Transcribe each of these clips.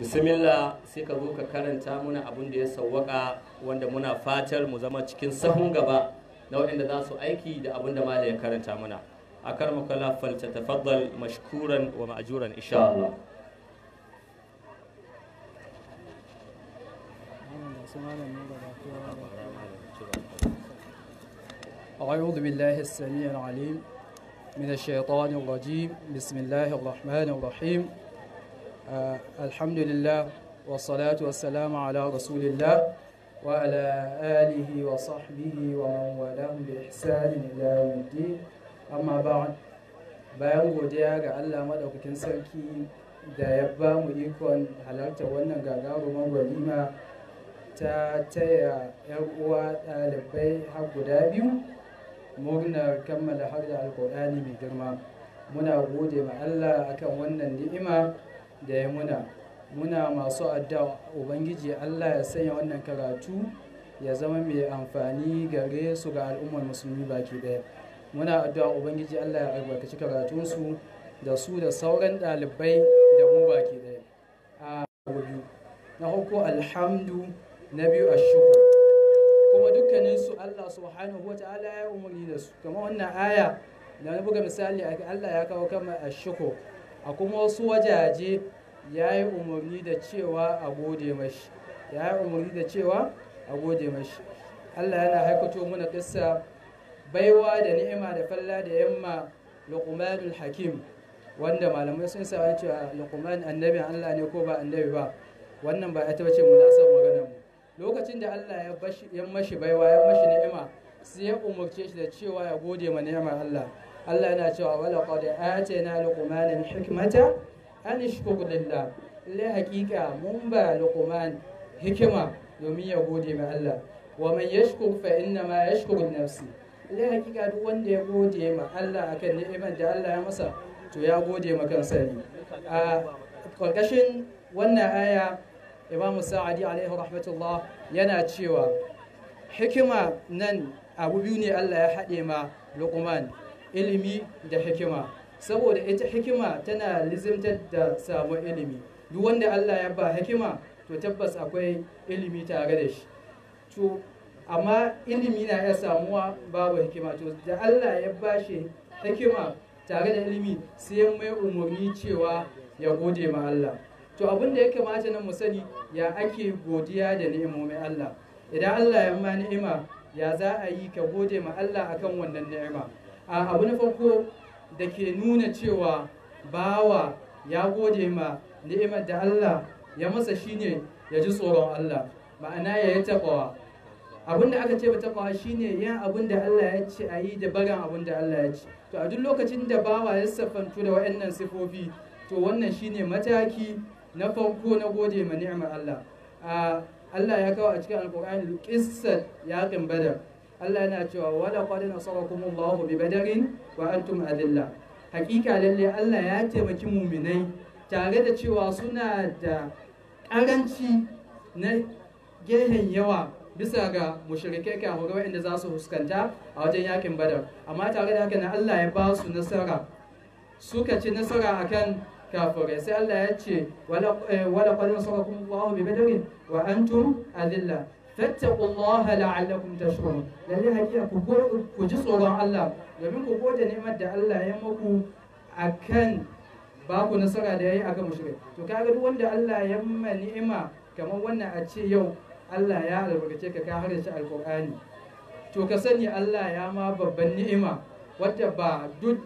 bismillah sai ka zo ka karanta muna abin da ya sawwaka wanda muna fatar mu zama cikin sahun gaba na waɗanda za su aiki da abin da mala ya karanta muna a karmakala falta tafaddal mashkuran wa ma'ajuran insha Allah أعوذ بالله السميع العليم من الشيطان الرجيم بسم الله الرحمن الرحيم alhamdulillah wa salama ala rasulillah wa ala alihi wa sahbihi wa man bi ihsanin ila yawmiddin amma ba'd bayan godiya ga Allah madaukakin sarki da ya ba mu ikon halarta wannan gagarumar walima ta taya yan uwa ɗalibai har guda biyu murnar kammala har da alkur'ani mai girma muna gode ma Allah akan wannan ni'ima da ya muna muna masu addu'a ubangiji allah ya sanya wannan karatu ya zama mai amfani gare su ga al'ummar musulmi baki daya muna addu'a ubangiji allah ya albarkaci karatunsu da su da sauran ɗalibai da mu baki daya a na uku alhamdu na biyu ashukur kuma dukkaninsu allah subhanahu wa ta'ala ya umarni da su kamar wannan aya da na buga misali Allah ya kawo kama a a kuma wasu wajaje ya yi umarni da cewa a gode mashi ya yi umarni da cewa a gode mashi Allah yana haikato muna kissa baiwa da ni'ima da falla da yamma luqmanul hakim wanda malamai sun sa cewa ah, luqman annabin Allah ne ko ba annabi ba wannan ba ita bace munasab magana mu lokacin da Allah ya bashi ya mashi baiwa ya mashi ni'ima sai ya umarce shi da cewa ya gode ma ni'imar Allah Allah yana cewa wala qad atayna luqmanan hikmata an shukuru lai la haqiqa mun ba luqman hikima domin ya gode ma Allah wa man yashkur fa inna ma yashkuru nafsi la hakika duk wanda ya gode ma Allah akan ni'imar da Allah ya masa to ya gode ma kansa ne a karkashin wannan aya Imam Sa'adi alaihi rahmatullah yana cewa hikima nan abu biyu ne Allah ya haɗe ma Luqman ilimi da hikima saboda ita hikima tana lizimtar da samu ilimi duk wanda Allah ya ba hikima to tabbas akwai ilimi tare da shi to amma ilimi na iya samuwa babu hikima to da Allah ya ba shi hikima tare da ilimi sai mai umarni cewa ya gode ma Allah to abin da ya kamata na mu sani ya ake godiya da ni'imomin Allah idan Allah ya ma ni'ima ya za a yi ka gode ma Allah akan wannan ni'ima a abu na farko da ke nuna cewa bawa ya gode ma ni'imar da Allah ya masa shine ya ji tsoron Allah ma'ana ya yi taɓawa abin da aka ce ba taɓawa shine yin abin da Allah ya ce a yi da barin abin da Allah ya ce to a duk lokacin da bawa ya safantu da waɗannan sifofi to wannan shine mataki na farko na gode ma ni'imar Allah Allah ya kawo a cikin alƙur'ani qissat ya badar Allah yana cewa wala qad nasarakum Allahu bi badarin wa antum adilla hakika lalle Allah ya taimaki muminai tare da cewa suna da karanci na gehen yawa bisa ga mushirikai kafirai waɗanda za su fuskanta a wajen yakin badar amma tare da haka na Allah ya ba su nasara suka ci nasara akan kafirai sai Allah ya ce wala eh, qad nasarakum Allahu bi badarin wa antum adilla fattaku Allah la'allakum tashkurun lalle hakika ku ku ji tsoron Allah domin ku gode ni'imar da Allah ya muku akan ba ku nasara da yayi akan mushrikai to kaga duk wanda Allah ya ma ni'ima kamar wannan a ce yau Allah ya albarkace ka ka har shi alqur'ani to ka sani Allah ya ma babban ni'ima wadda ba duk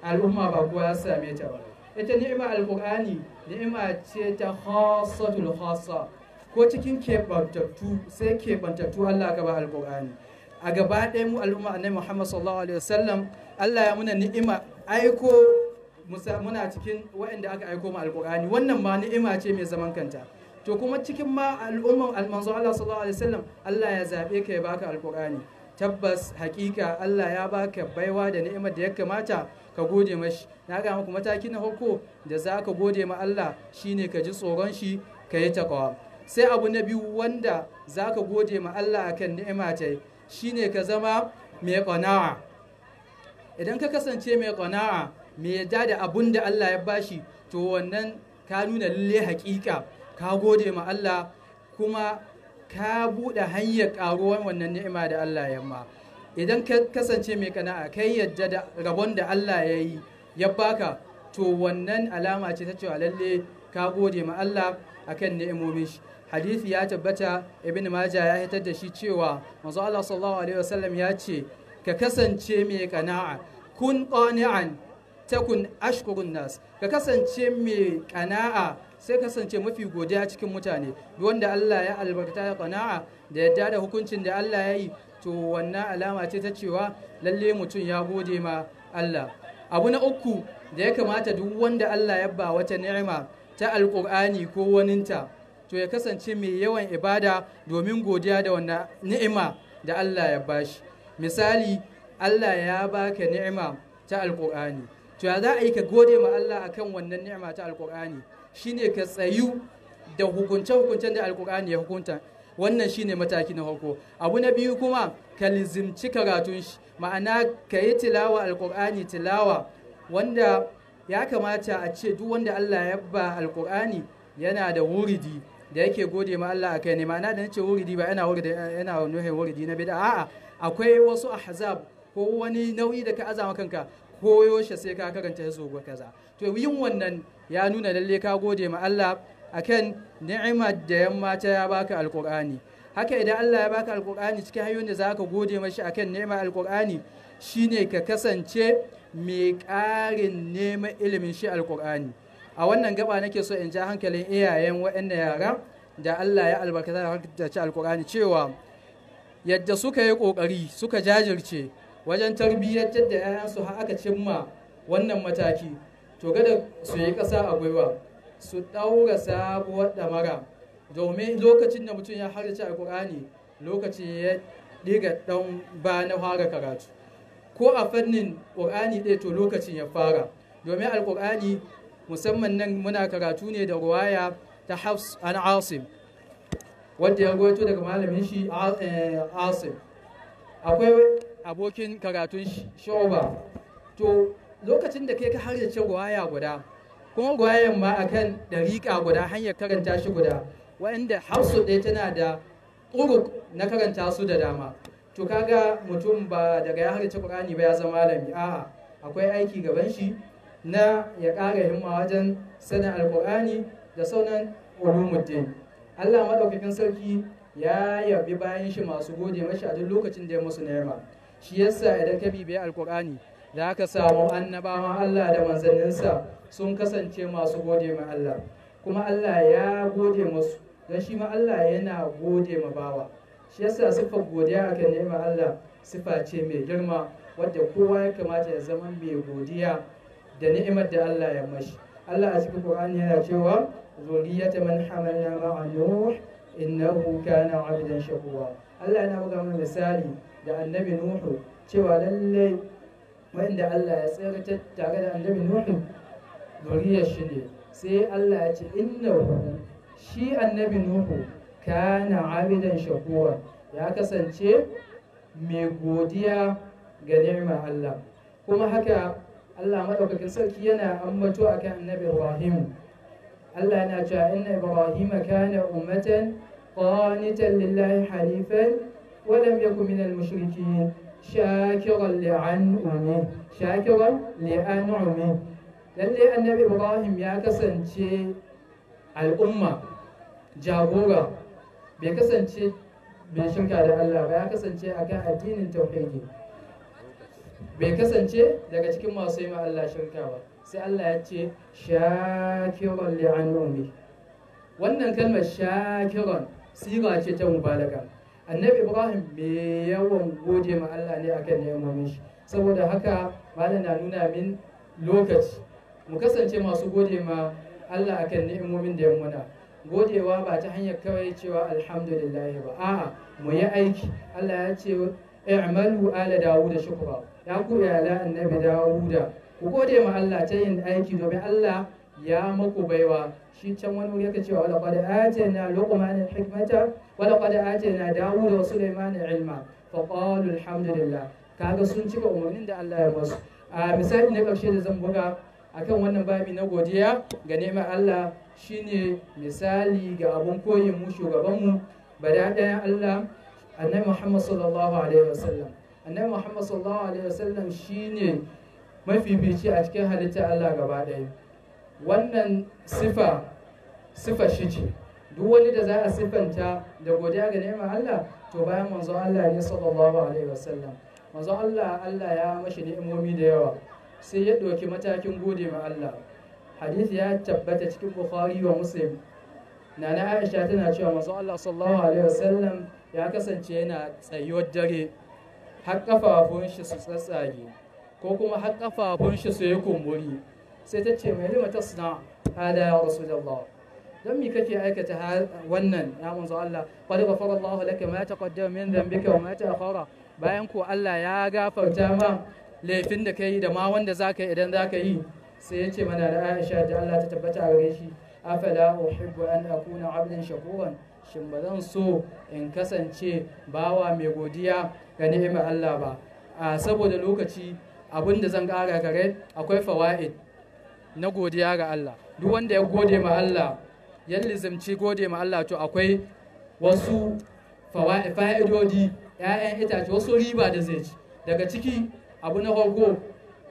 al'umma ba kowa ya same ta ba ita ni'ima alqur'ani ni'ima ce ta khassatul khassa ko cikin keɓantattu sai keɓantattu Allah ka ba alƙur'ani a gaba ɗaya mu al'umma annabi Muhammad sallallahu alaihi wasallam Allah ya muna ni'ima aiko muna cikin waɗanda aka aiko mu alƙur'ani wannan ma ni'ima ce mai zaman kanta to kuma cikin ma al'umman almanzo Allah sallallahu alaihi wasallam Allah ya zabe ka ya baka alƙur'ani tabbas hakika Allah ya baka baiwa da ni'imar da ya kamata ka gode mashi na ga muku mataki na farko da za ka gode ma Allah shine ka ji tsoron shi ka yi takawa sai abu na biyu wanda za ka gode ma Allah akan ni'ima ta shi ne ka zama mai ƙwana'a idan ka kasance mai ƙwana'a mai yadda da abun da Allah ya bashi to wannan ka nuna lalle haƙiƙa ka gode ma Allah kuma ka buɗe hanyar ƙaruwar wannan ni'ima da Allah ya ma idan ka kasance mai ƙana'a kai yadda da rabon da Allah ya yi ya baka to wannan alama ce ta cewa lalle ka gode ma Allah akan ni'imomin shi hadisi ya tabbata ibn maja ya hitar da shi cewa manzo Allah sallallahu alaihi wasallam ya ce ka kasance mai kana'a kun qani'an takun ashkurun nas ka kasance mai kana'a sai kasance mafi godiya cikin mutane wanda Allah ya albarta ya kana'a da yadda da hukuncin da Allah ya yi to wannan alama ce ta cewa lalle mutum ya gode ma Allah abu na uku da ya kamata duk wanda Allah ya ba wata ni'ima ta alkur'ani ko waninta to ya kasance mai yawan ibada domin godiya da wannan ni'ima da Allah ya bashi misali Allah ya baka ni'ima ta alkur'ani to ya za a yi ka gode ma Allah akan wannan ni'ima ta alkur'ani shine ka tsayu da hukunce-hukuncen da alkur'ani ya hukunta wannan shine mataki na farko abu na biyu kuma ka lizimci karatun shi ma'ana ka yi tilawa alkur'ani tilawa wanda ya kamata a ce duk wanda Allah ya ba alkur'ani yana da wuridi da yake gode ma Allah akai ne ma'ana da nace wuridi ba yana wuridi yana nuhin wuridi na bid'a a'a akwai wasu ahzab ko wani nauyi da ka azama kanka ko shi sai ka karanta yaso go kaza to yin wannan ya nuna lalle ka gode ma Allah akan ni'imar da yamma ta ya baka alqur'ani haka idan Allah ya baka alqur'ani cikin hayyun da zaka gode mashi akan ni'imar alqur'ani shine ka kasance mai ƙarin neman ilimin shi alqur'ani a wannan gaba nake so in ja hankalin iyayen waɗanda yara da Allah ya albarkata da ci alkur'ani cewa yadda suka yi ƙoƙari suka jajirce wajen tarbiyyar da 'ya'yansu har aka cimma wannan mataki to gada su yi ƙasa a gwiwa su ɗaura sabuwar ɗamara domin lokacin da mutum ya harjace alkur'ani lokacin ya ɗiga ɗan ba na fara karatu ko a fannin ƙur'ani ɗaya to lokacin ya fara domin alkur'ani musamman nan muna karatu ne da ruwaya ta Hafs an Asim wanda ya rawaito daga malamin shi eh, Asim akwai abokin karatun Shoba to lokacin da kai ka harjace ruwaya guda kuma ruwayan ma akan dariƙa guda hanyar karanta shi guda wanda Hafsu ɗaya tana da ƙuruk na karanta su da dama to kaga mutum ba daga ya harjace Qur'ani ba ya zama malami a'a akwai aiki gaban shi na ya ƙara himma wajen sanin alƙur'ani da sauran ulumuddin Allah maɗaukakin sarki ya yabi bayan shi masu gode mashi a duk lokacin da ya musu nema shi yasa idan ka bibiya alƙur'ani za ka samu annabawa Allah da manzanninsa sun kasance masu gode ma Allah kuma Allah ya gode musu don shi ma Allah yana gode ma bawa shi yasa siffar godiya akan nema Allah siffa ce mai girma wadda kowa ya kamata ya zama mai godiya da ni'imar da Allah ya mashi Allah a cikin Kur'ani yana cewa zuriyata man hamalna ma'a nuh innahu kana 'abdan shakura Allah yana buga mana misali da annabi Nuhu cewa lalle wanda Allah ya sayar tare da annabi Nuhu zuriyar shi ne sai Allah ya ce innahu shi annabi Nuhu kana 'abdan shakura ya kasance mai godiya ga ni'imar Allah kuma haka الله مدوكك سلك ينا أمتوك النبي إبراهيم الله نجا إن إبراهيم كان أمة قانتا لله حليفا ولم يكن من المشركين شاكرا لأنعمه شاكرا لأنعمه للي النبي إبراهيم يكسن شيء الأمة جابورا بيكسن شيء بيشنك على الله بيكسن شيء أكا الدين التوحيدي bai kasance daga cikin masu yi Allah shirka ba sai Allah ya ce shakiron li'anumi wannan kalmar shakiron sira ce ta mubalaga annabi ibrahim mai yawan gode ma Allah ne akan neman shi saboda haka bala na nuna min lokaci mu kasance masu gode ma Allah akan ni'imomin da ya muna godewa ba ta hanyar kawai cewa alhamdulillah ba a'a mu yi aiki Allah ya ce i'malu ala dawuda shukra ya ku ala annabi dawuda ku gode ma Allah ta yin aiki domin Allah ya maku baiwa shi can wani wuri yake cewa wala qad atayna luqman al-hikmata wala qad atayna dawuda wa sulaiman ilma fa qalu alhamdulillah kaga sun cika umarnin da Allah ya basu a misali na karshe da zan buga akan wannan babi na godiya ga neman Allah shine misali ga abun koyin mu shugabanmu bada ɗayan Allah annabi muhammad sallallahu alaihi wasallam annabi muhammad sallallahu alaihi wasallam shine mafifici a cikin halittar allah gaba ɗaya wannan sifa sifa shi ce duk wani da za a siffanta da godiya ga neman allah to bayan manzo allah ne sallallahu alaihi wasallam manzon allah allah ya mashi ni'imomi da yawa sai ya ɗauki matakin gode ma allah hadisi ya tabbata cikin bukhari wa muslim nana aisha tana cewa manzo allah sallallahu alaihi wasallam ya kasance yana tsayuwar dare har kafafun shi su tsatsage ko kuma har kafafun shi su yi kumburi sai ta ce mai lima tasna hada ya rasulullah don mi kake aikata wannan ya manzo Allah qad ghafara Allah laka ma taqaddama min dhanbika wa ma ta'akhara bayan ko Allah ya gafarta ma laifin da kai da ma wanda zaka idan zaka yi sai ya ce mana da Aisha da Allah ta tabbata gare shi afala uhibbu an akuna abdan shakuran shin ba zan so in kasance bawa mai godiya ga ni'imar Allah ba a saboda lokaci abin da zan ƙara gare akwai fawa'id na godiya ga Allah duk wanda ya gode ma Allah ya lizimci gode ma Allah to akwai wasu fa'idodi ‘ya'yan itace wasu riba da zai ci daga ciki abu na farko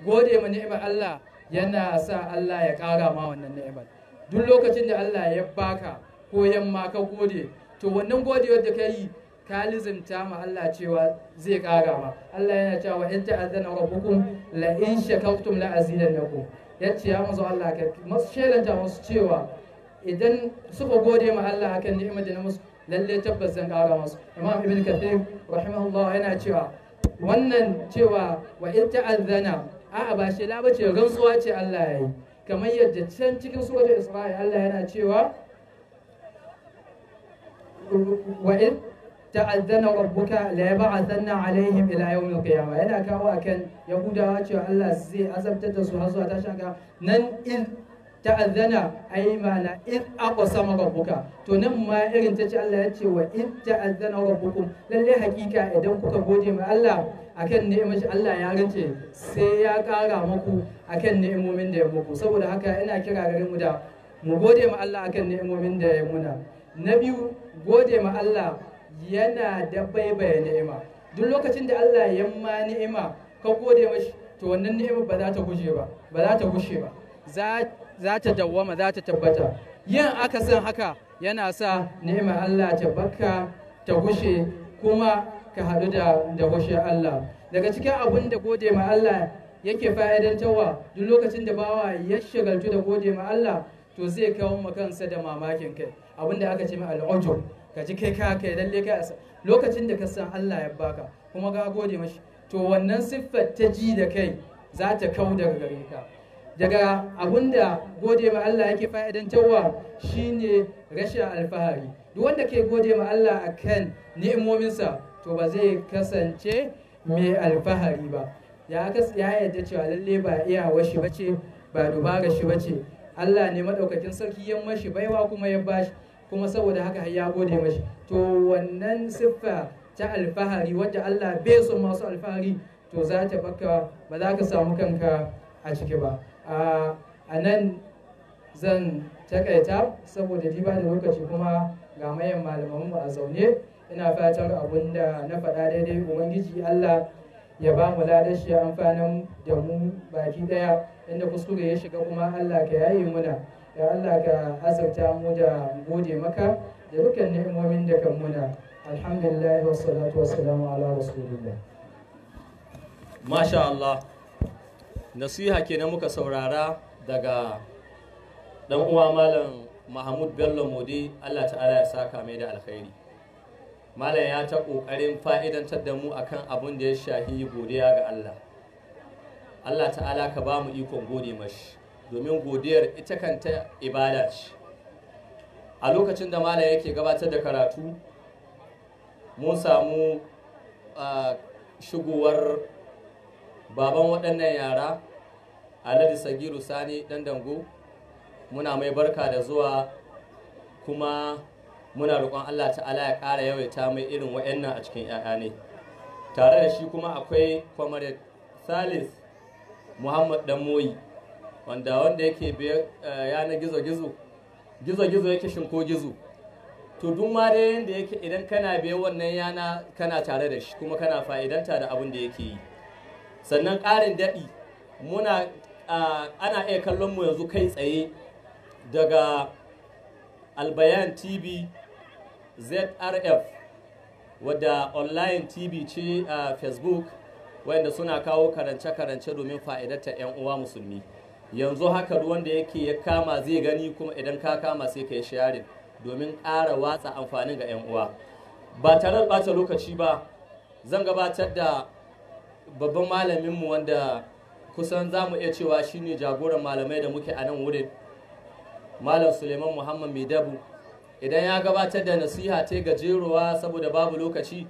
gode ma ni'imar Allah yana sa Allah ya ƙara ma wannan ni'imar duk lokacin da Allah ya baka ko yamma ka gode to wannan godewar da ka yi ka lizinta ma Allah cewa zai kara ma Allah yana cewa in ta'azzana rabbukum la in shakartum la azidannakum yace ya musu Allah ka masu shelanta masu cewa idan suka gode ma Allah akan ni'imar da na musu lalle tabbas zan kara musu Imam Ibn Kathir rahimahullah yana cewa wannan cewa wa in ta'azzana a'a ba shela bace rantsuwa ce Allah yayi kamar yadda can cikin suratul Isra'i Allah yana cewa wa'in ta'azzana rabbuka la yab'athanna alaihim ila yawm al-qiyamah yana kawo akan yahudawa cewa Allah zai azabtar da su har zuwa tashin nan in ta'azzana ai mana in aqsama rabbuka to nan ma irin tace Allah ya ce wa in ta'azzana rabbukum lalle hakika idan kuka gode ma Allah akan ni'imar shi Allah ya rance sai ya kara muku akan ni'imomin da ya muku saboda haka yana kira gare mu da mu gode ma Allah akan ni'imomin da ya muna na biyu gode ma Allah yana da baibaya ni'ima duk lokacin da Allah ya ma ni'ima ka gode mashi to wannan ni'ima ba za ta guje ba ba za ta gushe ba za ta dawwama za ta tabbata yin akasin haka yana sa ni'imar Allah ta baka ta gushe kuma ka haɗu da da gushe Allah daga cikin abin da gode ma Allah yake fa'idantarwa duk lokacin da bawa ya shagaltu da gode ma Allah to zai kawo kansa da mamakin kai abin da aka ce mai al'ajo ka ji kai ka kai lalle kai, a lokacin da ka san Allah ya baka kuma ga gode mashi to wannan siffar ta ji da kai za ta kau daga gare ka daga abin da gode ma Allah yake fa'idantarwa shine rashin alfahari duk wanda ke gode ma Allah a kan ni'imominsa to ba zai kasance mai alfahari ba ya yarda cewa lalle ba iyawar shi bace ba dubara shi bace Allah ne madaukakin sarki ya mashi baiwa kuma ya bashi kuma saboda haka ya gode mashi to wannan siffa ta alfahari wadda Allah bai so masu alfahari to za ta baka ba za ka samu kanka a ciki ba a nan zan takaita saboda diba da lokaci kuma ga mayan mu a zaune ina fatan abun da na faɗa daidai ubangiji Allah ya ba mu ladashi amfanin da mu baki daya inda kuskure ya shiga kuma Allah ka yaye muna ya Allah ka mu da gode maka da dukkan ni'imomin da kan muna alhamdulillah wa salatu wa salamu ala rasulillah masha Allah nasiha kenan muka saurara daga dan uwa malam Mahmud Bello Modi Allah ta'ala ya saka mai da alkhairi malam ya ta kokarin fa'idantar da mu akan abun da ya shahi godiya ga Allah Allah ta'ala ka ba mu ikon gode mashi domin godiyar ita kanta ibada ce a lokacin da malam yake gabatar da karatu mun samu shigowar baban waɗannan yara alhaji sagiru sani ɗan dango muna mai barka da zuwa kuma muna roƙon allah ta'ala ya ƙara yawaita mai irin waɗannan a cikin 'ya'ya ne tare da shi kuma akwai kwamar salis muhammad dan moyi wanda wanda yake eh, yana gizo-gizo gizo-gizo yake shinko gizo to duk ma dai yanda yake idan kana biyan wannan yana kana tare da shi kuma kana fa'idanta da abin da yake yi sannan ƙarin daɗi muna ana iya kallon mu yanzu kai tsaye daga albayan tv zrf wadda online tv ce a facebook wanda suna kawo karance-karance domin fa'idatar 'yan uwa musulmi yanzu haka ruwan da yake ya kama zai gani kuma idan ka kama sai ka yi sharing domin ƙara watsa amfanin ga 'yan uwa ba tare da ɓata lokaci ba zan gabatar da babban malaminmu wanda kusan za mu iya cewa shine jagoran malamai da muke a nan wurin malam suleiman muhammad mai dabu idan ya gabatar da nasiha ta gajeruwa saboda babu lokaci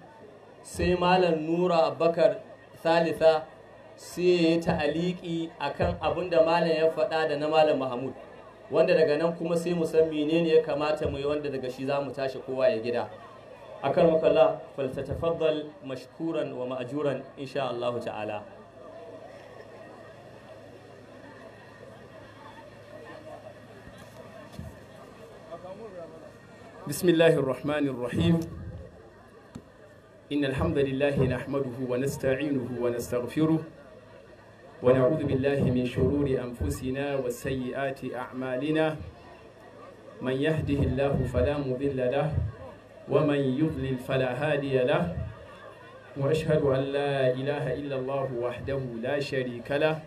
sai malam nura abubakar thalitha sai ya yi ta'aliki akan abin da malam ya faɗa da na malam mahmud wanda daga nan kuma sai mu san menene ya kamata mu yi wanda daga shi za mu tashi kowa ya gida akan makalla faltatafaddal mashkuran wa ma'ajuran insha Allah ta'ala بسم الله الرحمن الرحيم إن الحمد لله نحمده ونستعينه ونستغفره ونعوذ بالله من شرور أنفسنا وسيئات أعمالنا من يهده الله فلا مضل له ومن يضلل فلا هادي له وأشهد أن لا إله إلا الله وحده لا شريك له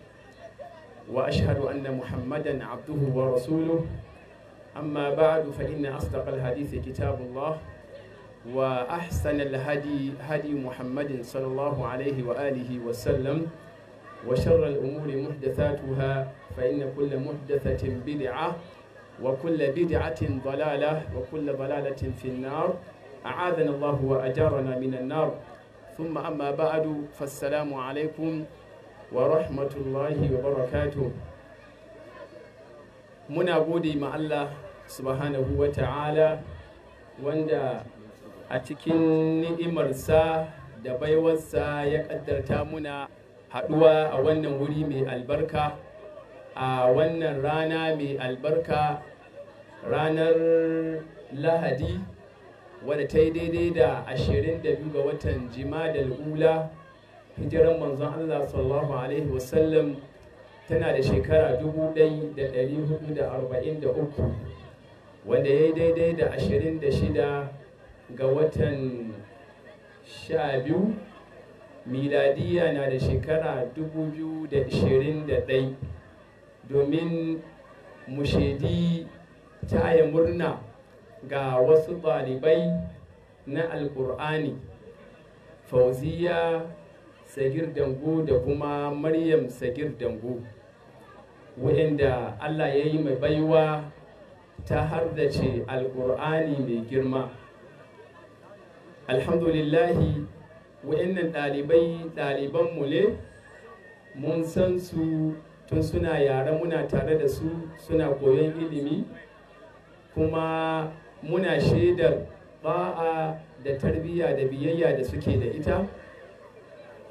وأشهد أن محمدا عبده ورسوله أما بعد فإن أصدق الحديث كتاب الله وأحسن الهدي هدي محمد صلى الله عليه وآله وسلم وشر الأمور محدثاتها فإن كل محدثة بدعة وكل بدعة ضلالة وكل ضلالة في النار أعاذنا الله وأجارنا من النار ثم أما بعد فالسلام عليكم ورحمة الله وبركاته muna gode ma Allah subhanahu wa ta'ala wanda a cikin ni'imarsa da baiwarsa ya ƙaddarta muna haɗuwa a wannan wuri mai albarka a wannan rana mai albarka ranar lahadi wadda ta yi daidai da biyu ga watan jimadal ula hijiran manzon allah sallallahu alaihi wasallam tana da shekara uku, wanda ya yi daidai da ashirin da shida ga watan biyu miladiya na da shekara 2021 domin mushedi taya murna ga wasu ɗalibai na alkur'ani fauziya sagir Dangu, da kuma maryam sagir Dangu. waɗanda allah ya yi mai baiwa ta har da ce alkur'ani mai girma alhamdulillahi wa'annan ɗalibai ɗaliban mu ne mun san su tun suna yare muna tare da su suna koyon ilimi kuma muna shaidar ba'a da tarbiyya da biyayya da suke da ita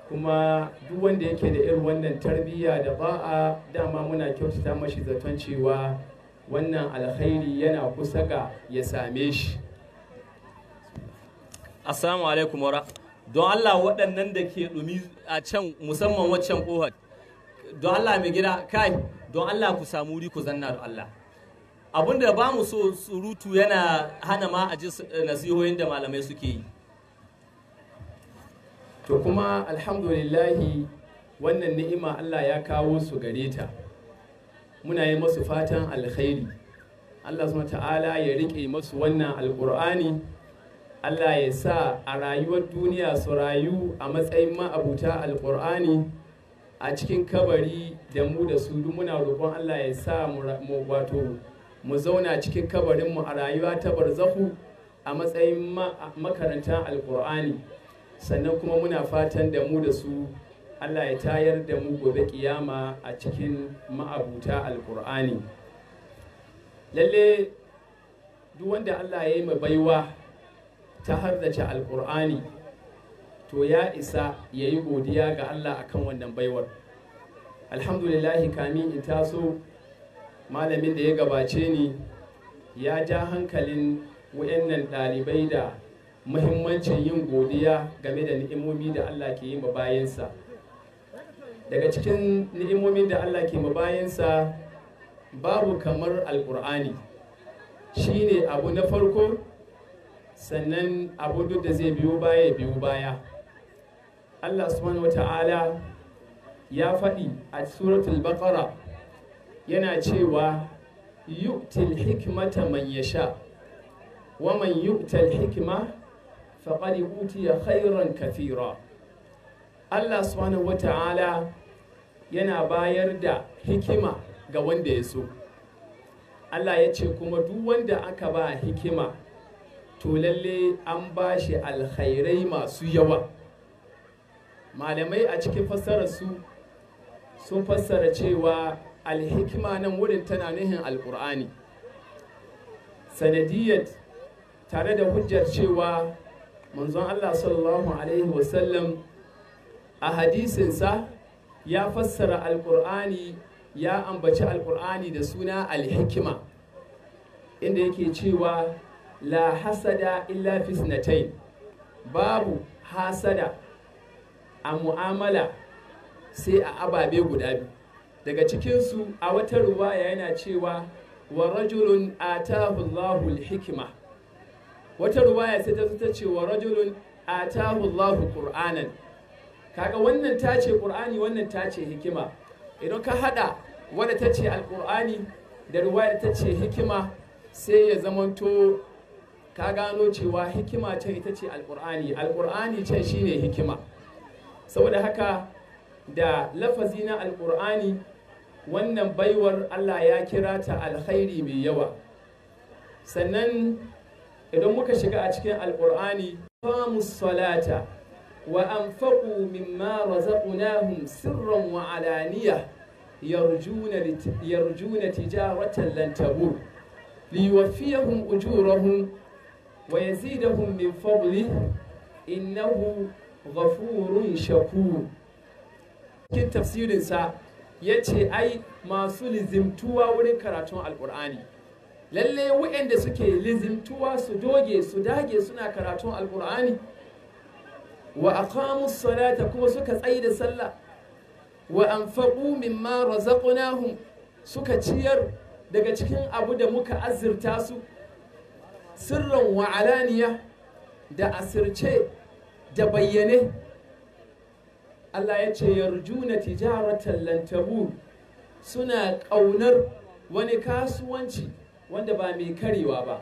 kuma duk wanda yake da irin wannan tarbiyya da ba'a dama muna kyautata mashi zaton cewa wannan alkhairi yana kusa ga ya same shi assalamu alaikum don Allah waɗannan da ke ɗumi a can musamman waccan ƙohar don Allah mai gida kai don Allah ku samu wuri ku zanna da Allah abin da ba mu so surutu yana hana ma a ji eh, nasihohin da malamai suke yi to kuma alhamdulillahi wannan ni'ima Allah ya kawo su gare ta muna yi masu fatan alkhairi Allah subhanahu ta'ala ya rike masu wannan alqur'ani Allah ya sa a rayuwar duniya su rayu a matsayin ma'abuta alƙur'ani a cikin kabari da mu da su duk muna roƙon Allah ya sa mu wato mu zauna cikin kabarin mu a rayuwa ta barzahu a matsayin makarantar alƙur'ani sannan kuma muna fatan da mu da su Allah ya tayar da mu gobe kiyama a cikin ma'abuta alƙur'ani lalle duk wanda Allah ya yi ma baiwa ta haddace alkur'ani to ya isa ya yi godiya ga allah akan wannan baiwar alhamdulillahi kamin in taso malamin da ya gabace ni ya ja hankalin wayannan ɗalibai da muhimmancin yin godiya game da ni'imomi da allah ke yi bayansa daga cikin ni'imomi da allah ke bayansa babu kamar alkur'ani shine abu na farko sannan abu da zai biyo baya biyu biyo baya Allah subhanahu wata'ala ya faɗi a suratul bakara, yana cewa yu'til hikmata man yasha wa man yu'tal hikma faqad utiya khairan kathira Allah subhanahu wata'ala yana bayar da hikima ga wanda ya so Allah ya ce kuma duk wanda aka ba hikima to lalle an ba shi alkhairai masu yawa malamai a cikin fassarar su sun fassara cewa alhikima nan wurin tana nuhin alkur'ani Sanadiyyar tare da hujjar cewa manzon allah sallallahu alaihi wasallam a hadisinsa ya fassara alkur'ani ya ambaci alkur'ani da suna alhikima inda yake cewa la hasada illa fisnatain babu hasada a mu'amala sai a ababe guda biyu daga cikinsu a wata ruwaya yana cewa wa rajulun atahu hikima wata ruwaya sai ta ta ce wa rajulun atahu Allahu qur'anan kaga wannan ta ce qur'ani wannan ta ce hikima idan ka hada wanda ta ce alqur'ani da ruwaya ta ce hikima sai ya zamanto ka gano cewa hikima ce ita ce alkur'ani alƙur'ani ce shine hikima saboda haka da lafazi na alkur'ani wannan baiwar allah ya kira ta alkhairi mai yawa sannan idan muka shiga a cikin alƙur'ani famus salata wa anfaqu mimma razaqnahum sirran wa alaniya yarjuna yarjuna tijaratan lan tabur liwafiyahum ujurahum wa yazidahum min fadli innahu ghafurun shakur kin tafsirin sa yace ai masu lizimtuwa wurin karatun alqur'ani lalle waɗanda suke lizimtuwa su doge su dage suna karatun Al'ƙur'ani. wa aqamu salata kuma suka tsayi da sallah wa anfaqu mimma razaqnahum suka ciyar daga cikin abu da muka azirta su Sirrin wa'alaniya da asirce da bayyane Allah ya ce yarjuna tijaratan lantabu suna ƙaunar wani kasuwanci wanda ba mai karewa ba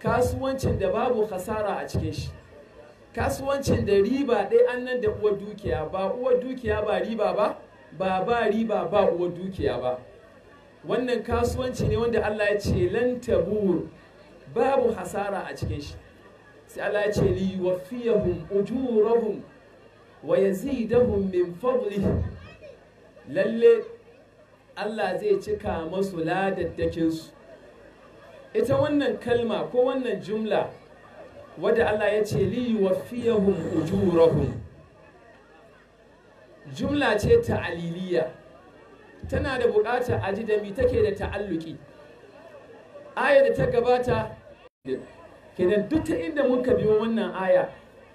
kasuwancin da babu hasara a cikin shi kasuwancin da riba ɗaya an nan da uwar dukiya ba uwar dukiya ba riba ba ba ba riba ba uwar dukiya ba wannan kasuwanci ne wanda Allah ya ce lantabur babu hasara a cikin shi sai Allah ya ce li yuwaffiyahum ujurahum wa yazidahum min fadlihi lalle Allah zai cika masu ladaddakin su ita wannan kalma ko wannan jumla wadda Allah ya ce li yuwaffiyahum ujurahum jumla ce ta'aliliya tana da buƙatar aji da mi take da ta'alluki ayar da ta gabata kenan duk ta inda muka biyo wannan aya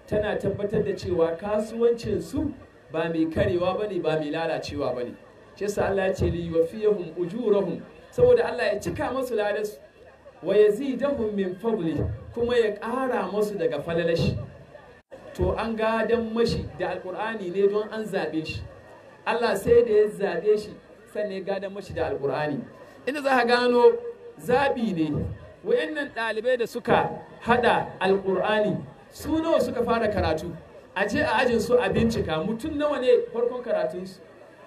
tana tabbatar da cewa kasuwancin su ba mai karewa bane ba mai lalacewa bane shi sa Allah ya ce li yuwafiyahum ujurahum saboda Allah ya cika masu ladarsu wa yazidahum min fadli kuma ya ƙara masu daga falalashi to an gadan mashi da alkur'ani ne don an zaɓe shi Allah sai da ya zaɓe shi sannan ya gadan mashi da alkur'ani inda za ka gano zaɓi ne wa'annan ɗalibai da suka haɗa alƙur'ani su nawa suka fara karatu a je a ajin su a bincika mutum nawa ne farkon karatun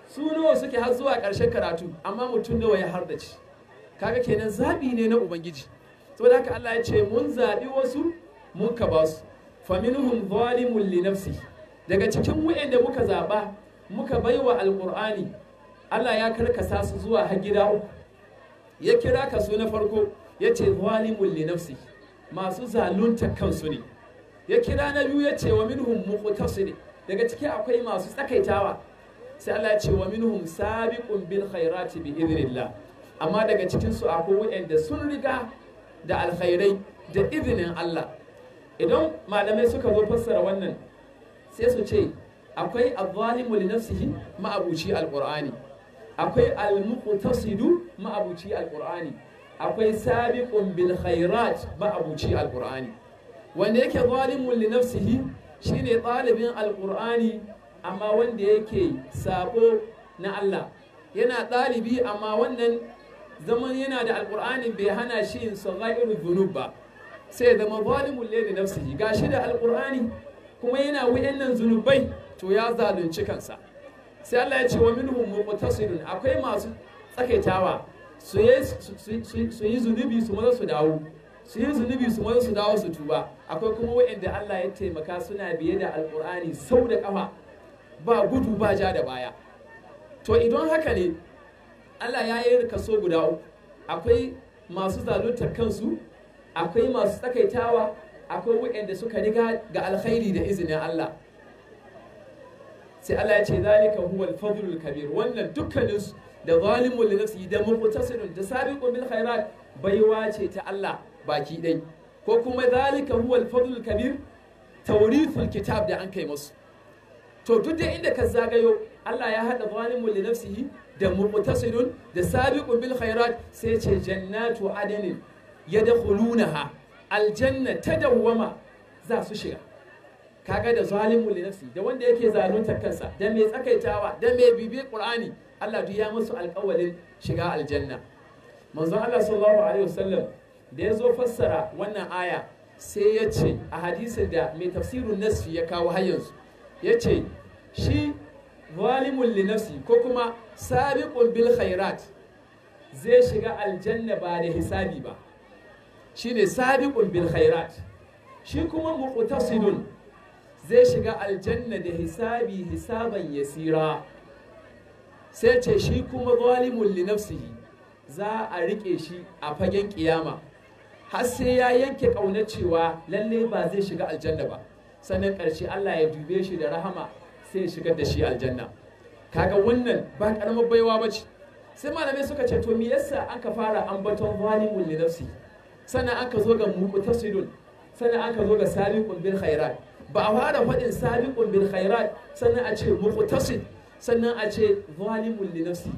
su nawa suke har zuwa ƙarshen karatu amma mutum nawa ya hardace kaga kenan zaɓi ne na ubangiji saboda haka Allah ya ce mun zaɓi wasu mun ka ba su minhum zalimun li nafsi daga cikin wa'anda muka zaɓa muka baiwa alƙur'ani Allah ya karkasa su zuwa har gida uku ya kira ka su na farko Ya ce zalimun li nafsi masu zalunta kansu ne ya kira na biyu ya yace wa minhum muqtasid daga ciki akwai masu tsakaitawa sai Allah ya ce wa minhum sabiqun bil khairati bi idnillah amma daga cikin su akwai wanda sun riga da alkhairai da izinin Allah idan malamai suka zo fassara wannan sai su ce akwai a zalimu li nafsihi ma'abuci akwai al-muqtasidu ma'abuci al akwai sabiqun bil khairat ma'abuci alqur'ani wanda yake zalimun li nafsihi shine ɗalibin alqur'ani amma wanda yake sako na Allah yana ɗalibi amma wannan zaman yana da alqur'ani bai hana shi yin sagairu dhunub ba sai zama zalimun li nafsihi gashi da alqur'ani kuma yana wayannan zunubai to ya zalunci kansa sai Allah ya ce wa minhum muqtasidun akwai masu tsakaitawa su yi zunubi su maza su dawo su yi zunubi su maza su dawo su tuba akwai kuma waɗanda Allah ya taimaka suna biye da alƙur'ani sau da kafa ba gudu ba ja da baya to idan haka ne Allah ya yi kaso guda uku akwai masu zalunta kansu akwai masu tsakaitawa akwai waɗanda suka riga ga alkhairi da izinin Allah sai Allah ya ce zalika huwal fadlul kabir wannan dukkaninsu da zalimun li nafsi da muqtasidun da sabiqu bil khairat baiwa ce ta Allah baki dai ko kuma zalika huwa al-fadlul kabir al kitab da an kai musu to duk da inda ka zagayo Allah ya hada zalimun li nafsi da muqtasidun da sabiqu bil khairat sai ce jannatu adnin yadkhulunaha aljanna tadawwama za su shiga kaga da zalimu li nafsi da wanda yake zaluntar kansa da mai tsakaitawa da mai bibi qur'ani Allah duk ya musu alƙawalin shiga aljanna manzo Allah sallallahu alaihi wasallam da ya zo fassara wannan aya sai ya ce a hadisin da mai tafsirun nasfi ya kawo har yanzu ya ce shi zalimun li nafsi ko kuma sabiqun bil khairat zai shiga aljanna ba da hisabi ba shine sabiqun bil khairat shi kuma muqtasidun zai shiga aljanna da hisabi hisaban yasira sai ce shi kuma zalimun li za a rike shi a fagen kiyama har sai ya yanke ƙaunar cewa lalle ba zai shiga aljanna ba sannan ƙarshe Allah ya dube shi da rahama sai ya shigar da shi aljanna kaga wannan ba karamar baiwa ba ce sai malamai suka ce to me yasa aka fara ambaton zalimun li nafsihi sannan aka zo ga muqtasidun sannan aka zo ga sabiqun bil khairat ba a fara faɗin sabiqun bil khairat sannan a ce muqtasid sannan a ce zalimun li nafsi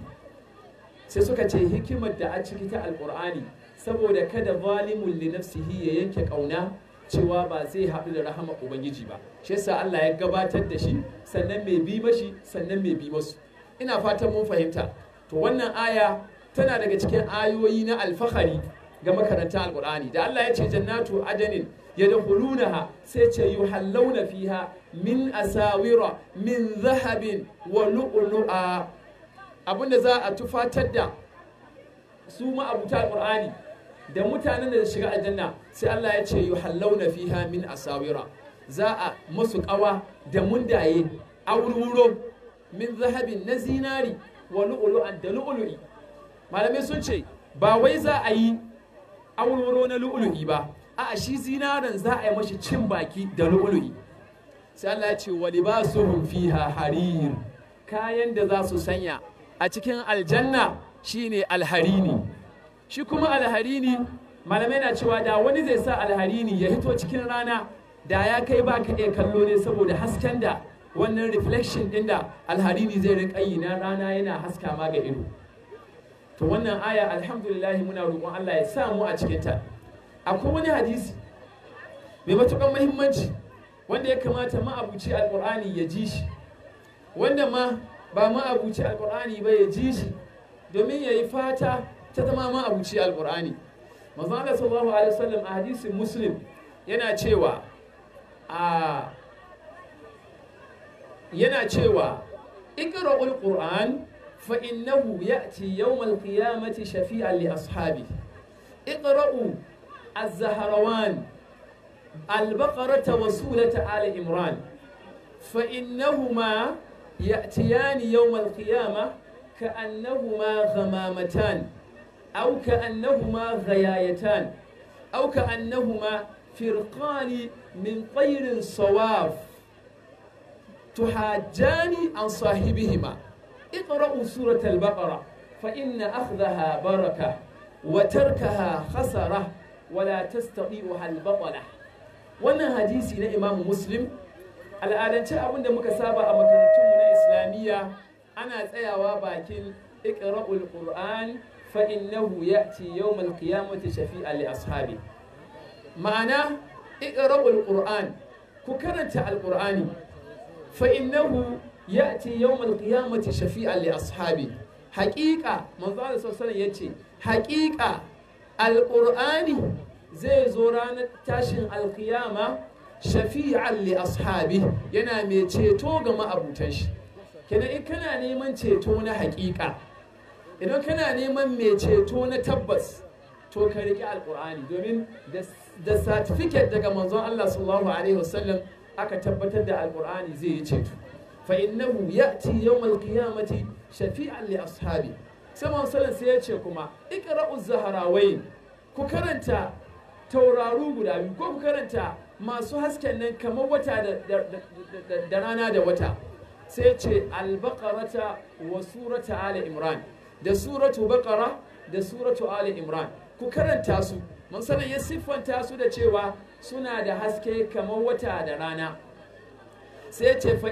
sai suka ce hikimar da a ciki ta alqur'ani saboda kada zalimun li nafsihi ya yanke ƙauna cewa ba zai haɗu da rahama ubangiji ba shi yasa Allah ya gabatar da shi sannan mai bi mashi sannan mai bi masu ina fatan mun fahimta to wannan aya tana daga cikin ayoyi na alfahari ga makaranta alqur'ani da Allah ya ce jannatu adanin yadkhulunaha sai ce yuhallawna fiha min asawira min zahabin wa lu'lu'a abinda za a tufatar da su ma'abuta qur'ani da mutanen da shiga aljanna sai Allah ya ce yuhallawna fiha min asawira za a masu kawa da mundaye aururo min zahabin na zinari wa lu'lu'an da lu'lu'i malamai sun ce ba wai za a yi aururo na lu'lu'i ba a shi zinaran za a yi mashi cin baki da lu'ulu'i sai Allah ya ce wa libasuhum fiha harir kayan da za su sanya a cikin aljanna shine alharini shi kuma alharini malamai na cewa da wani zai sa alharini ya hito cikin rana da ya kai ba ka iya kallo ne saboda hasken da wannan reflection din da alharini zai rinka yi na rana yana haska ma ga ido to wannan aya alhamdulillah muna roƙon Allah ya sa mu a cikin ta akwai wani hadisi mai matuƙar mahimmanci wanda ya kamata ma'abuci alkur'ani ya ji shi wanda ma ba ma'abuci alkur'ani ba ya ji shi domin ya yi fata ta zama ma'abuci alkur'ani manzon Allah sallallahu alaihi wasallam a hadisin muslim yana cewa a yana cewa iqra'ul qur'an fa innahu ya'ti yawm al shafi'an li ashabi iqra'u الزهروان البقرة وسورة آل عمران فإنهما يأتيان يوم القيامة كأنهما غمامتان أو كأنهما غيايتان أو كأنهما فرقان من طير صواف تحاجان عن صاحبهما اقرأوا سورة البقرة فإن أخذها بركة وتركها خسره wala tastati'u hal batala wannan hadisi na Imam Muslim al'adance abinda muka saba a makarantunmu na Islamiyya ana tsayawa bakin iqra'ul Qur'an fa innahu ya'ti yawmal qiyamati shafi'an li ashabi ma'ana iqra'ul Qur'an ku karanta al-Qur'ani fa innahu ya'ti yawmal qiyamati shafi'an li ashabi haƙiƙa manzo Allah sallallahu alaihi wasallam yace haƙiƙa alƙur'ani zai zo ranar tashin alkiyama shafi'an li ashabi yana mai ceto ga ma'abutan shi in kana neman ceto na haƙiƙa idan kana neman mai ceto na tabbas to ka alƙur'ani domin da certificate daga manzon Allah sallallahu alaihi wasallam aka tabbatar da alƙur'ani zai yi ceto fa innahu ya'ti yawmal qiyamati shafi'an li ashabi sai manzon sai ya ce kuma iqra'u zaharawain ku karanta tauraru guda biyu ko ku karanta masu hasken nan kamar wata da rana da wata sai ce albakarata wa surata ala imran da suratu bakara da suratu ala imran ku karanta su sanar ya siffanta su da cewa suna da haske kamar wata da rana sai ce fa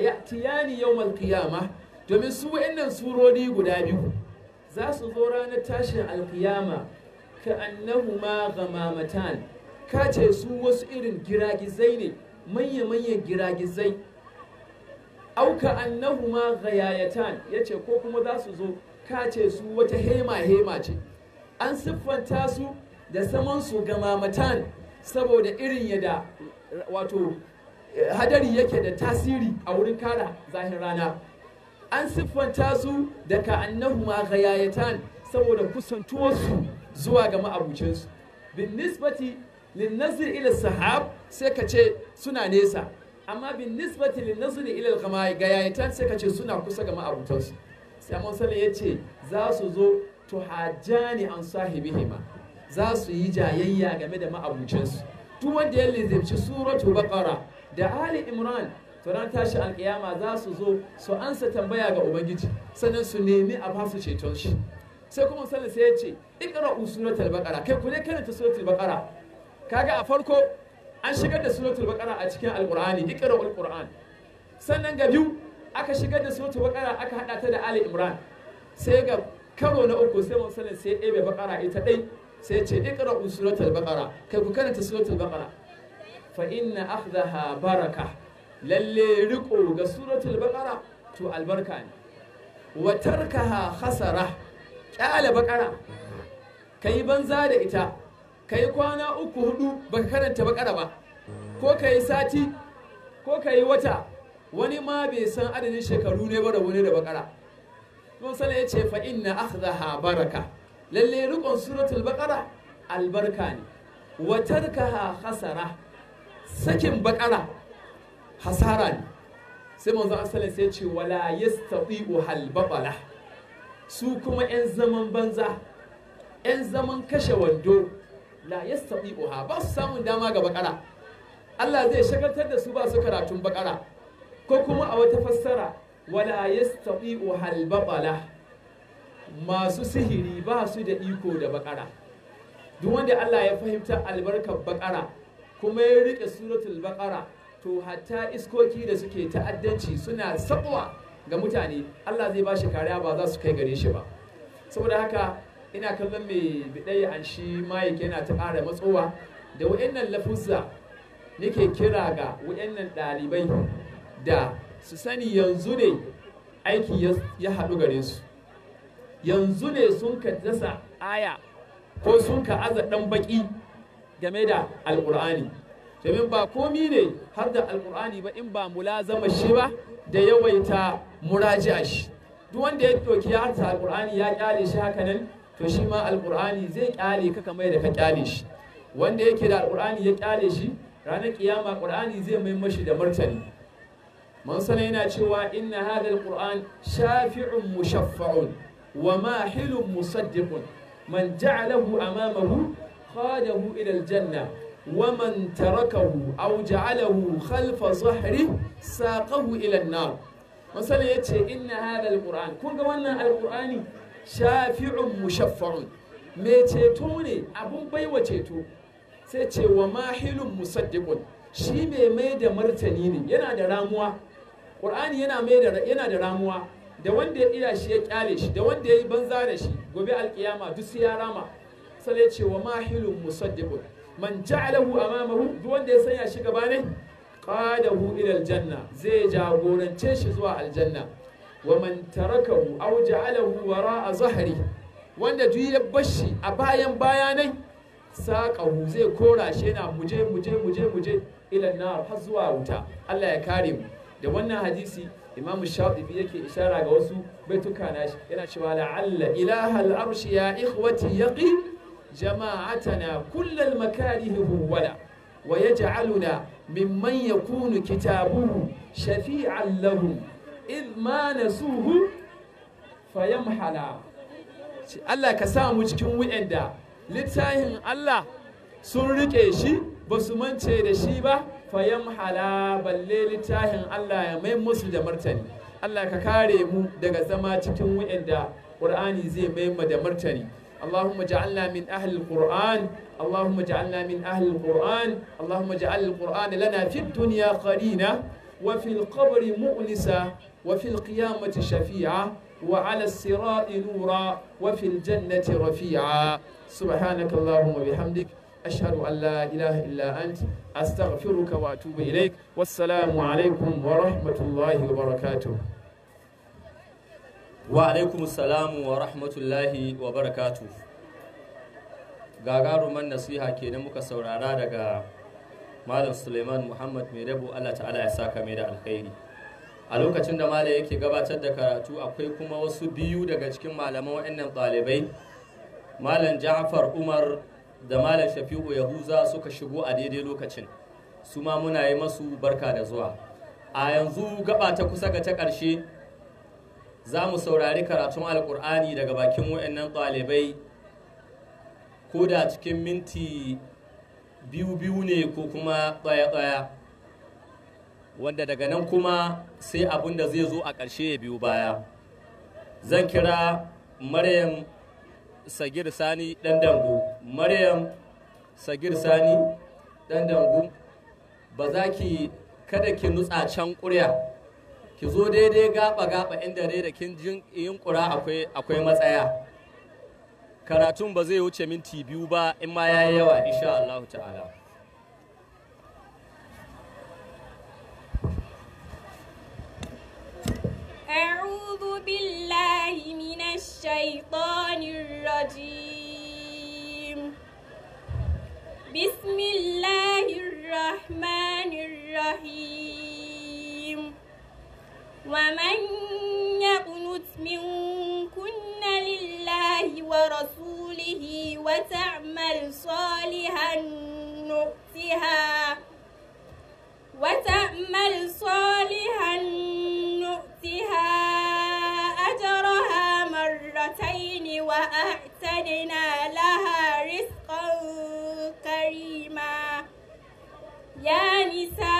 ya tiyani yau, Malkiyama?" domin su nan surori guda biyu za su zo ranar tashin alkiyama ka'annahuma ghamamatan ka ce su wasu irin giragizai ne manya-manyan giragizai au ka'annahuma ghayayatan yace ko kuma za su zo ka ce su wata hema-hema ce an siffanta su da samansu gamamatan saboda irin yada wato hadari yake da tasiri a wurin kara zahin rana an siffanta su da ka'annahuma ghayayatan saboda kusantuwarsu zuwa ga ma'abucinsu bin nisbati lin nazir ila sahab sai ka ce suna nesa amma bin nisbati lin nazir ila al ga yayatan sai ka ce suna kusa ga ma'abucinsu sai amma sallan ya ce za su zo tuhajjani an sahibihima za su yi jayayya game da ma'abucinsu duk wanda ya lizimci suratu baqara da ali imran to ran tashi alkiyama za su zo su ansa tambaya ga ubangiji sannan su nemi a basu ceton shi sai kuma sallan sai ya ce iqra suratul baqara kai ku ne karanta suratul baqara kaga a farko an shigar da suratul baqara a cikin alqur'ani iqra alqur'an sannan ga biyu aka shigar da suratul baqara aka hada ta da ali imran sai ga karo na uku sai mun sanin sai ɗebe baqara ita dai sai ce iqra suratul baqara kai ku karanta suratul baqara fa inna akhdaha baraka lalle riko ga suratul baqara to albarka ne wa tarkaha khasara kyale bakara ka yi banza da ita ka yi kwana uku hudu baka karanta bakara ba ko ka yi sati ko ka yi wata wani ma bai san adadin shekaru ne ba da wani da bakara don sana ya ce fa inna akhdaha baraka lalle rikon suratul bakara albarka ne wa tarkaha hasara sakin bakara hasara ne sai manzo asalin sai ce wala yastati'u hal babala su kuma 'yan zaman banza 'yan zaman kashe wando la yastaɓi uha ba su samun dama ga bakara Allah zai shagaltar da su ba su karatun bakara ko kuma a wata fassara wala yastaɓi uhal babala masu sihiri ba su da iko da bakara duk wanda Allah ya fahimta albarkar bakara kuma ya riƙe suratul bakara to hatta iskoki da suke ta'addanci suna sabuwa. ga mutane Allah zai ba shi kariya ba za su kai gare shi ba saboda haka ina kallon mai bidai an shi mayik yana ta ƙara matsowa da wayannan lafuzza nake kira ga wayannan ɗalibai da su sani yanzu ne aiki ya haɗu gare su yanzu ne sun ka dasa aya ko sun ka aza ɗan baƙi game da alƙur'ani domin ba komi ne har da alƙur'ani ba in ba mulazama shi ba da yawaita muraji'a shi duk wanda ya doki ya harta alqur'ani ya kyale shi haka nan to shi ma alqur'ani zai kyale ka kamar da ka kyale shi wanda yake da alqur'ani ya kyale shi ranar kiyama alqur'ani zai mai mashi da martani man sanai yana cewa inna hadha alqur'an shafi'un mushaffa'un wa mahilun musaddiqun man ja'alahu amamahu qadahu ila aljanna ومن تركه أو جعله خلف ظهره ساقه إلى النار wasala ya ce inna hada alquran kun ga wannan alqurani shafi'un mushaffarun mai ceto ne abun baiwa ceto sai ce wa mahilun musaddiqun shi mai mai da martani ne yana da ramuwa qur'ani yana mai da ramuwa da wanda ya iya shi ya kyale shi da wanda ya yi banza da shi gobe alƙiyama, duk ya rama sai ya ce wa mahilun musaddiqun man ja'alahu amamahu duk wanda ya sanya shi gaba ne qadahu ila aljanna zai jagorance shi zuwa aljanna wa man tarakahu aw ja'alahu wara'a zahri wanda duk ya bashi a bayan bayanai saƙahu zai kora shi yana muje muje muje muje ila nar har zuwa wuta Allah ya kare mu da wannan hadisi Imam Shafi'i yake ishara ga wasu baituka shi. yana cewa la'alla ilaha al-arshi ya ikhwati yaqi jama'atana kullal makarihi huwala wa yaj'aluna mimman yakunu kitabuhu shafi'an lahum id ma nasuhu fayamhala Allah ka samu cikin wa'anda littafin Allah sun riƙe shi ba su mance da shi ba fayamhala balle littafin Allah ya mai musu da martani Allah ka kare mu daga zama cikin wa'anda ƙur'ani zai mai da martani Allahumma ja'alna min ahli al اللهم اجعلنا من أهل القرآن اللهم اجعل القرآن لنا في الدنيا قرينة وفي القبر مؤنسة وفي القيامة شفيعة وعلى الصراط نورا وفي الجنة رفيعا سبحانك اللهم وبحمدك أشهد أن لا إله إلا أنت أستغفرك وأتوب إليك والسلام عليكم ورحمة الله وبركاته وعليكم السلام ورحمة الله وبركاته gagaruman nasiha kenan muka saurara daga malam suleiman muhammad mai rabu allah ta'ala ya saka mai da alkhairi a lokacin da malam yake gabatar da karatu akwai kuma wasu biyu daga cikin malaman wa'annan ɗalibai malam ja'far umar da malam shafi'u yahuza suka shigo a daidai lokacin su ma muna yi masu barka da zuwa a yanzu gaba ta kusa ga ta ƙarshe za mu saurari karatun Alƙur'ani daga bakin wa'annan ɗalibai ko da cikin minti biyu-biyu ne ko kuma tsaya-tsaya wanda daga nan kuma sai abin da zai zo a ƙarshe ya biyu baya zan kira maryam sagir sani ɗan dangu. maryam sagir sani ɗan dangu. ba za ki kada ki nutsa can ƙurya ki zo daidai gaba-gaba inda dai da kin yin ƙura akwai matsaya karatun ba zai wuce minti biyu ba in ma ya yawa insha Allah ta'ala أعوذ بالله من الشيطان الرجيم بسم الله الرحمن الرحيم ومن يقنت منكن ورسوله وتعمل صالحا نؤتها وتعمل صالحا نؤتها أجرها مرتين وأعتدنا لها رزقا كريما يا نساء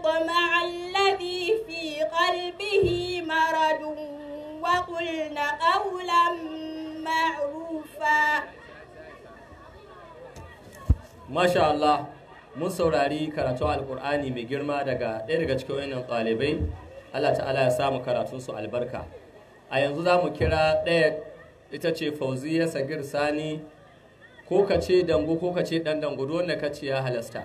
وطمع الذي في قلبه مرض وقلن قولا معروفا ما شاء الله mun saurari karatu alkur'ani mai girma daga ɗaya daga cikin wannan ɗalibai Allah ta'ala ya samu karatunsu albarka a yanzu za mu kira ɗaya ita ce fauziya sagir sani ko ka ce dango ko ka ce ɗan dango dole ka ce ya halasta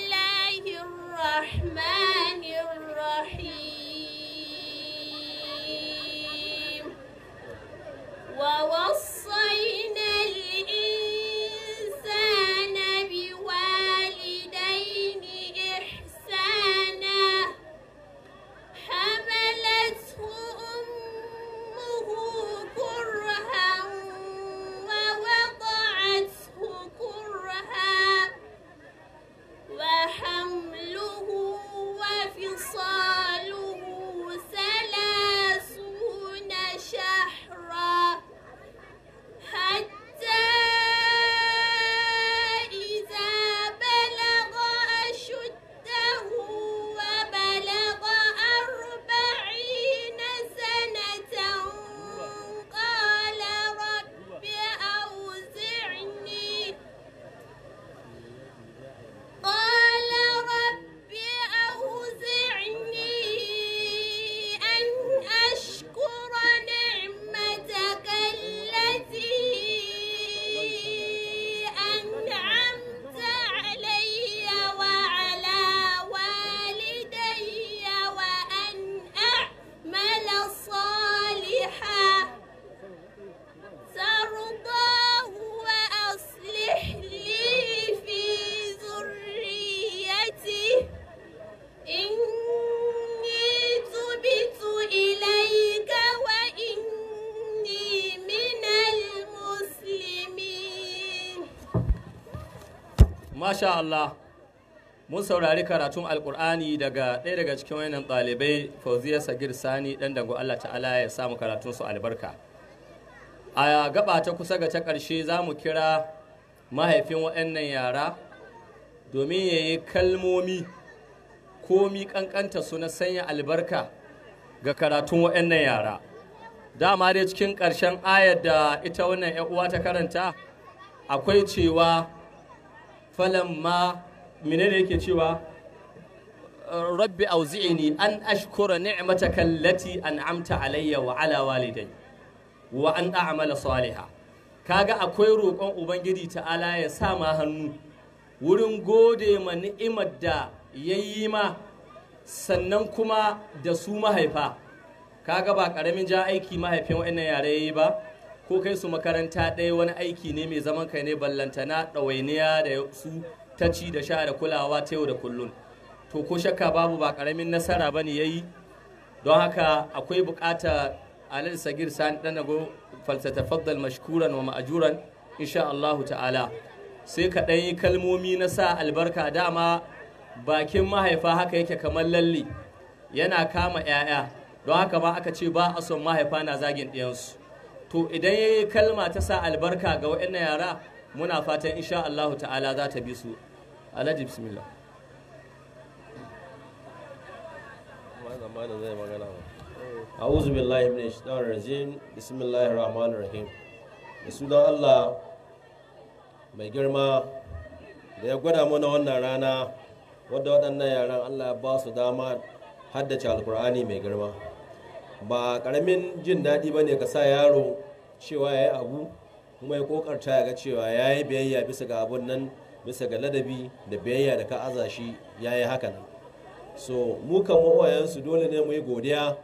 masha Allah mun saurari karatun alkur'ani daga ɗaya daga cikin wayannan ɗalibai fauziya sagir sani ɗan dango Allah ta'ala ya samu karatun su albarka a gaba ta kusa ga ta ƙarshe za mu kira mahaifin wayannan yara domin ya yi kalmomi komi ƙanƙanta su na sanya albarka ga karatun waɗannan yara dama dai cikin ƙarshen ayar da ita wannan 'yan uwa ta karanta akwai cewa falamma menene yake cewa rabbi auzi'ini an ashkura ni'mataka allati an'amta alayya wa ala walidai wa an a'mala saliha kaga akwai roƙon ubangiji ta'ala ya sa ma hannu wurin gode ma ni'imar da yayi ma sannan kuma da su mahaifa kaga ba ƙaramin ja aiki mahaifin wa'annan yare yayi ba ko kai su makaranta ɗaya wani aiki ne mai zaman kai ne ballantana ɗawainiya da su ta ci da sha da kulawa ta yau da kullun to ko shakka babu ba ƙaramin nasara ba ne ya yi don haka akwai buƙatar alal sagir nago ɗanago falsatafaddal mashkuran wa ma'ajuran insha Allahu ta'ala sai ka ɗan yi kalmomi na sa albarka dama bakin mahaifa haka yake kamar lalle yana kama 'ya'ya don haka ma aka ce ba a son mahaifa na zagin ɗiyansu to idan ya yi kalma ta sa albarka ga waɗannan yara muna fatan insha Allahu ta'ala za ta bi su alhaji bismillah أعوذ بالله من الشيطان الرجيم بسم الله الرحمن الرحيم الله mai girma da ya gwada mana wannan rana wadda waɗannan yaran Allah ya ba su dama haddace alkur'ani mai girma ba karamin jin daɗi ba ne ka sa yaro cewa ya yi abu kuma ya kokarta ya ga cewa ya yi biyayya bisa ga abun nan bisa ga ladabi da biyayya da ka aza shi ya yi haka so mu kan mawayansu dole ne mu yi godiya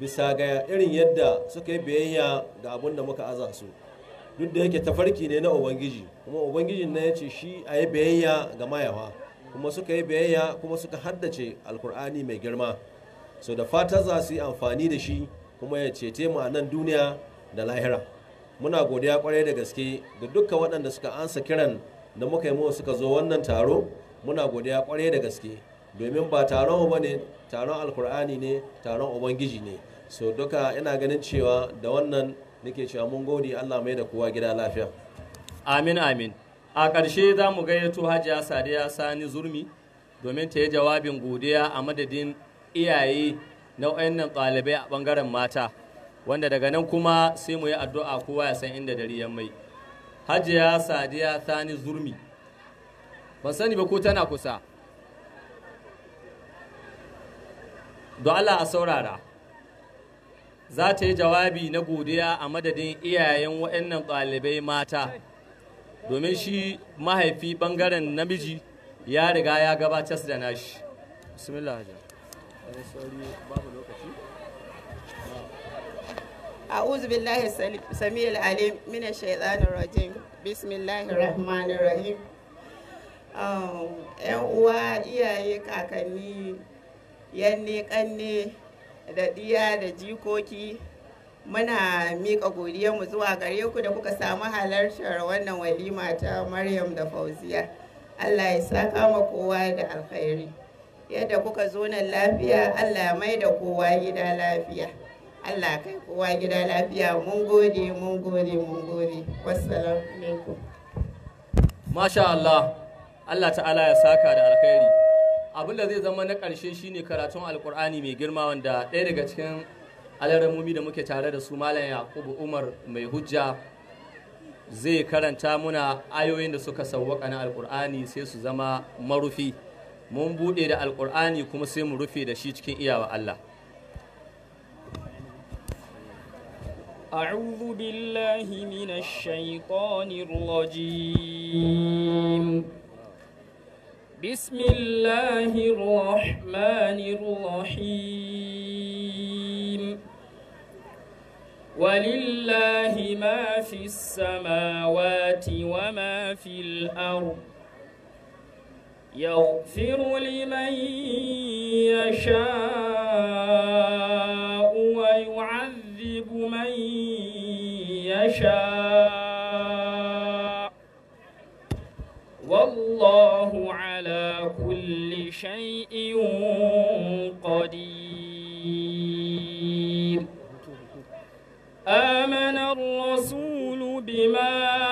bisa ga irin yadda suka yi biyayya ga abun da muka aza su duk da yake tafarki ne na ubangiji kuma ubangijin na ya ce shi a yi biyayya ga mayawa kuma suka yi biyayya kuma suka haddace alkur'ani mai girma so da fata za su yi amfani da shi kuma ya cece mu a nan duniya da lahira muna godiya kwarai da gaske da dukkan waɗanda suka ansa kiran da muka yi mawa suka zo wannan taro muna godiya kwarai da gaske domin ba taron ba ne taron alkur'ani ne taron ubangiji ne so duka ina ganin cewa da wannan nake cewa mun gode allah mai da kowa gida lafiya amin amin a ƙarshe za mu gayyato hajiya sadiya sani zurmi domin ta yi jawabin godiya a madadin iyaye na wayannan ɗalibai a ɓangaren mata wanda daga nan kuma sai mu yi addu'a kowa ya san inda dare ya mai hajiya sadiya sani zurmi ban sani ba ko tana kusa don allah a saurara za ta yi jawabi na godiya a madadin iyayen waɗannan ɗalibai mata domin shi mahaifi ɓangaren namiji ya riga ya gabatar da nashi bismillah أعوذ بالله السميع العليم من الشيطان الرجيم بسم الله الرحمن الرحيم ‘yan uwa iyaye kakanni yanne kanne da ɗiya da jikoki muna miƙa godiyarmu zuwa gare ku da kuka samu halartar wannan walima ta maryam da fauziya allah ya sa kama kowa da alkhairi yadda kuka zo nan lafiya allah mai da kowa gida lafiya allah kai kowa gida lafiya mun gode mun gode mun gode allah allah ta'ala ya saka da alkhairi abin da zai zama na ƙarshe shine karatun alkur'ani mai girma wanda ɗaya daga cikin alaramomi da muke tare da su malam yakubu umar mai hujja zai karanta muna ayoyin da suka sauwaka na alkur'ani sai su zama marufi mun buɗe da alƙur'ani kuma sai mu rufe da shi cikin iyawa Allah أعوذ بالله من الشيطان الرجيم بسم الله الرحمن الرحيم ولله ما في السماوات وما في الأرض يغفر لمن يشاء ويعذب من يشاء والله على كل شيء قدير آمن الرسول بما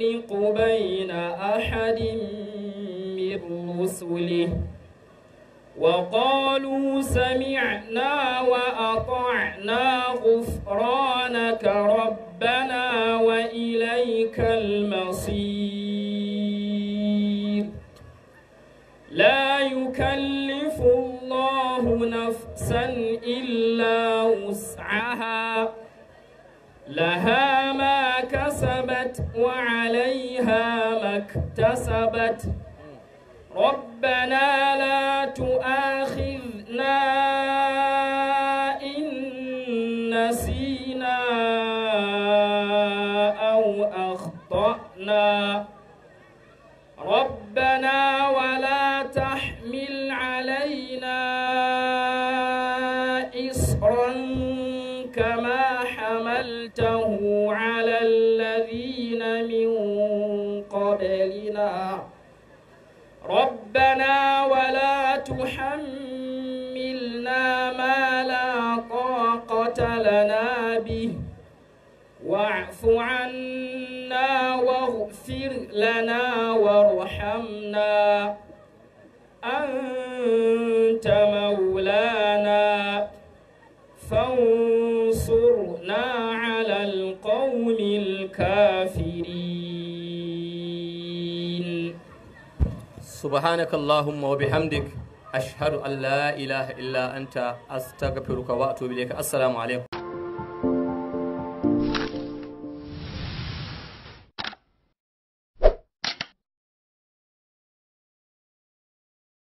يفرق بين أحد من رسله وقالوا سمعنا وأطعنا غفرانك ربنا وإليك المصير لا يكلف الله نفسا إلا وسعها لها ما كسب وعليها ما اكتسبت ربنا لا تؤمن لنا وارحمنا أنت مولانا فانصرنا على القوم الكافرين سبحانك اللهم وبحمدك أشهد أن لا إله إلا أنت أستغفرك وأتوب إليك السلام عليكم